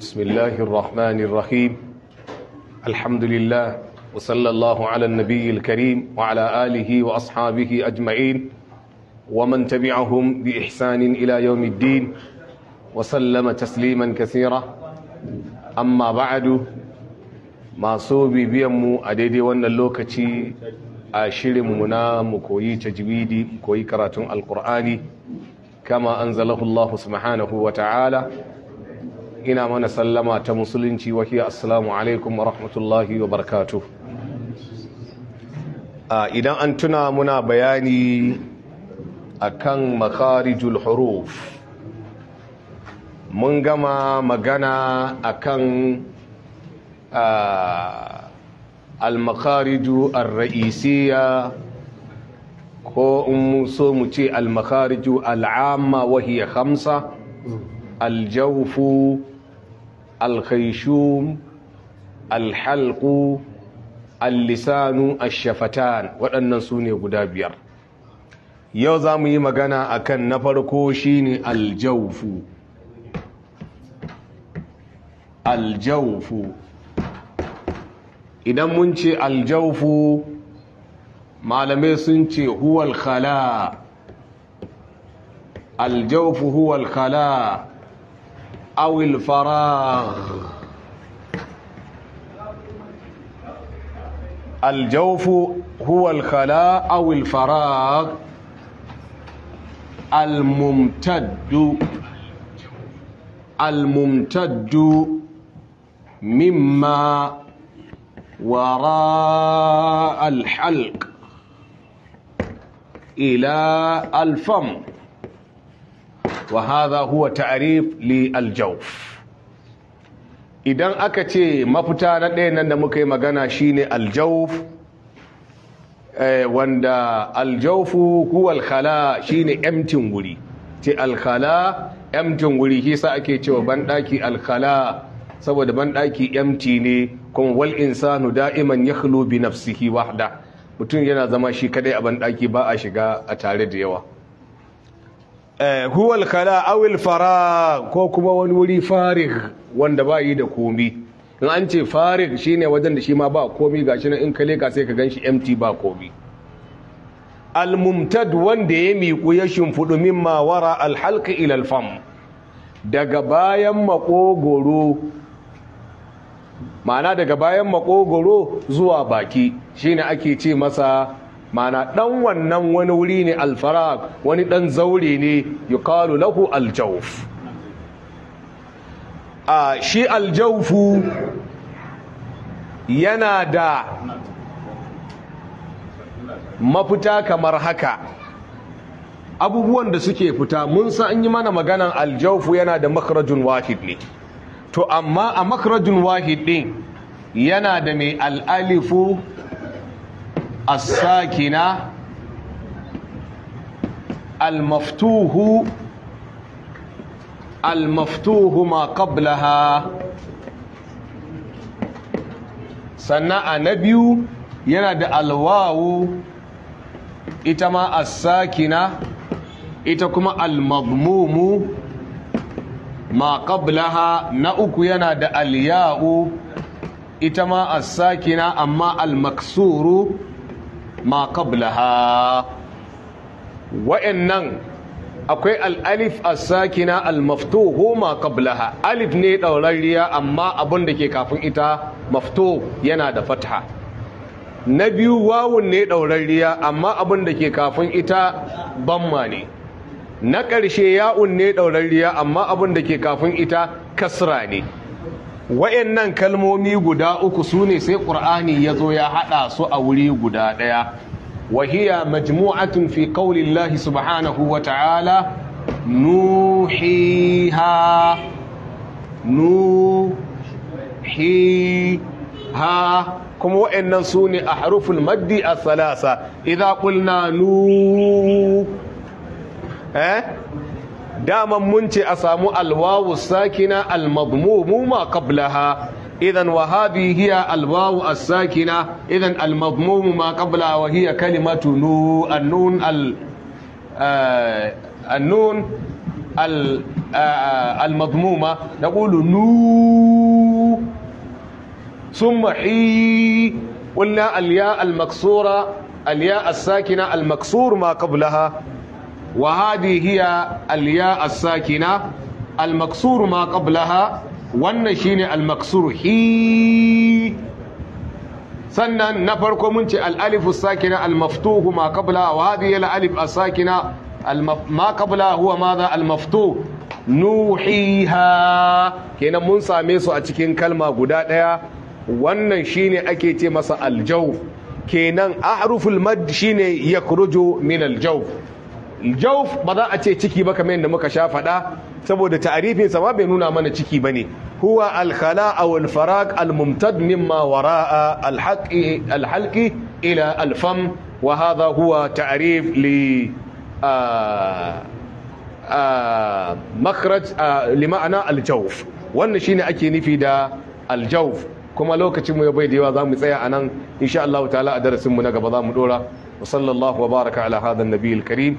بسم الله الرحمن الرحيم الحمد لله وصلى الله على النبي الكريم وعلى آله وأصحابه أجمعين ومن تبعهم بإحسان إلى يوم الدين وسلم تسليما كثيرا أما بعد ما صوبي بيمو أديدي وأن اللوكتي a shirinmu na mu koyi tajwidi mu koyi karatun alkur'ani kama anzalahu Allah subhanahu wa ta'ala ina mana sallama ta musulunci wa hiya assalamu alaikum wa rahmatullahi wa barakatuh idan an tuna muna bayani akan makarijul huruf mun gama magana akan al-makhariju ar-ra'isiyya ko in so mu ce almakhariju al'amma wahiya hamsa aljawfu al-lisanu allisanu ashafatan waɗannan su ne guda biyar yau za mu yi magana a kan na farko shi ne aljawfu aljawfu idan mun ce aljawfu malamai sun ce huwal khala aljawfu huwal khala aw al faragh aljawfu huwal khala aw al faragh almumtaddu الممتد مما وراء الحلق إلى الفم وهذا هو تعريف للجوف idan aka ce mafita na ɗaya nan da muka yi magana shine aljauf wanda aljaufu huwa alkhala shine emtin wuri ce alkhala emtin wuri hisa ake cewa banɗaki alkhala saboda banɗaki emti ne kuma wal insanu da'iman ya bi nafsihi wahda mutum yana zama shi kadai a banɗaki ba a shiga a tare da yawa eh, huwal kala awil fara ko kuma wani wuri farig wanda ba yi da komi in an ce farig shine wajen da shi ma ba komi shi nan in kale ka sai ka gan shi mt ba komi almumtad wanda ya miƙu ya shimfiɗu min mawara alhalka ilal fam daga bayan maƙogoro ma'ana daga bayan makogoro zuwa baki shine ake ce masa ma'ana dan wannan wani wuri ne alfarag wani dan zaure ne yuqalu lahu aljawf a shi aljawfu yana da mafita kamar haka abubuwan da suke fita mun san an yi mana maganan aljawfu yana da makarajin wahid ne to amma a makarajin wahid din yana da mai al'alifu as-sakina al-maftuhu al-maftuhu ma qablaha sannan a na biyu yana da alwawu ita ma as-sakina ita kuma al-madmumu ma qablaha na uku yana da alya'u ita ma as-sakina amma al-maksuru ma qablaha wa'annan akwai al'alif a sakina al-maftuhu ma qablaha alif ne ɗaurariya amma abin da ke kafin ita mafto yana da fatha na biyu wawun ne ɗaurariya amma abin da ke kafin ita bamma ne na ƙarshe ya'un ne ɗaurarriya amma abin da ke kafin ita kasra ne wa'annan kalmomi guda uku su ne sai ƙur'ani ya zo ya haɗa su a wuri guda ɗaya wahiya majmu'atun fi qaulillahi subhanahu wa ta'ala nuhiha nuhiha kuma wa'annan su ne a harufin maddi a salasa idza qulna eh daman mun ce a samu alwawu sakina almadmumu ma qablaha idan wa hadhihi hiya alwawu as-sakina idan almadmumu ma qablaha wa hiya kalimatu nu annun al annun al المضمومة نقول نو ثم حي قلنا الياء المكسورة الياء الساكنة المكسور ما قبلها وهذه هي الياء الساكنة المكسور ما قبلها والنشين المكسور هي sannan na farko mun ce al'alifu sakina al-maftuhu ma qabla wa hadhihi al-alif a sakina ma kabla huwa madha al-maftuh nuhiha kenan mun same su a cikin kalma guda ɗaya wannan shine ake ce masa al-jawf kenan ahruful mad shine yakhruju min Aljau. jauf ba za a ce ciki ba kamar yadda muka sha faɗa saboda ta'arifinsa ma bai nuna mana ciki ba ne huwa alkhala aw alfaraq almumtad mimma wara'a alhaqi alhalqi ila alfam wa hadha huwa ta'rif li makhraj li ma'ana aljawf wannan shine ake nufi da aljawf kuma lokacin mu ya bai da yawa zamu tsaya anan insha Allah ta'ala a darasin mu na gaba zamu dora wa sallallahu wa baraka ala hadha an-nabiyil karim